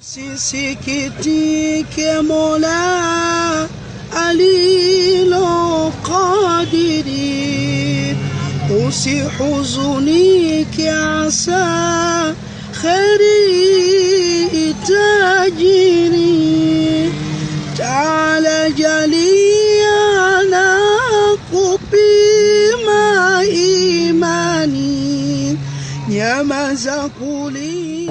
سكتك يا مولاي علي القادر قوس حزنك عسى خير تجري تعالى جليل يا مزق لي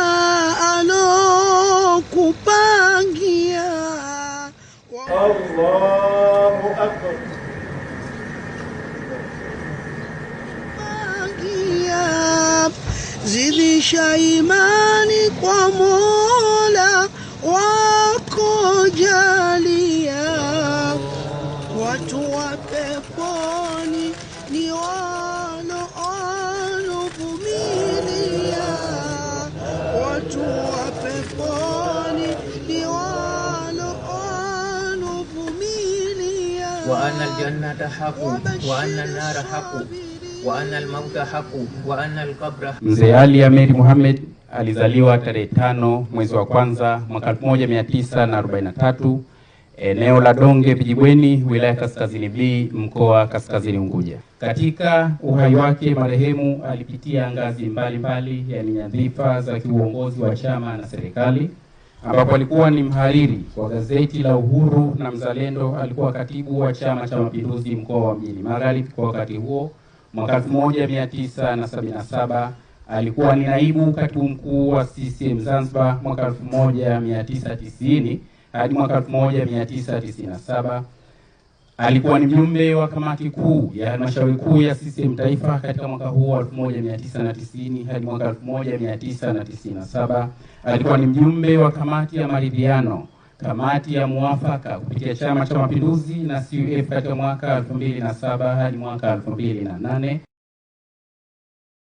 Allahu akbar. Zidisha imani kwa Mola wako jalia, watu wa pepo وأن الجنة حق وأن النار حق وأن الموت حق وأن القبر Mzee Ali Ameri Mohamed alizaliwa tarehe tano mwezi wa kwanza mwaka 1943 eneo la Donge Vijibweni, wilaya Kaskazini B, mkoa Kaskazini Unguja. Katika uhai wake marehemu alipitia ngazi mbalimbali, yani nyadhifa za kiuongozi wa chama na serikali ambapo alikuwa ni mhariri wa gazeti la Uhuru na Mzalendo, alikuwa katibu wa Chama cha Mapinduzi mkoa wa Mjini Magharibi kwa wakati huo mwaka 1977. Alikuwa ni naibu katibu mkuu wa CCM Zanzibar mwaka 1990 hadi mwaka 1997. Alikuwa ni mjumbe wa kamati kuu ya halmashauri kuu ya CCM Taifa katika mwaka huu wa 1990 hadi mwaka 1997. Alikuwa ni mjumbe wa kamati ya maridhiano, kamati ya muafaka kupitia Chama cha Mapinduzi na CUF katika mwaka 2007 hadi mwaka 2008.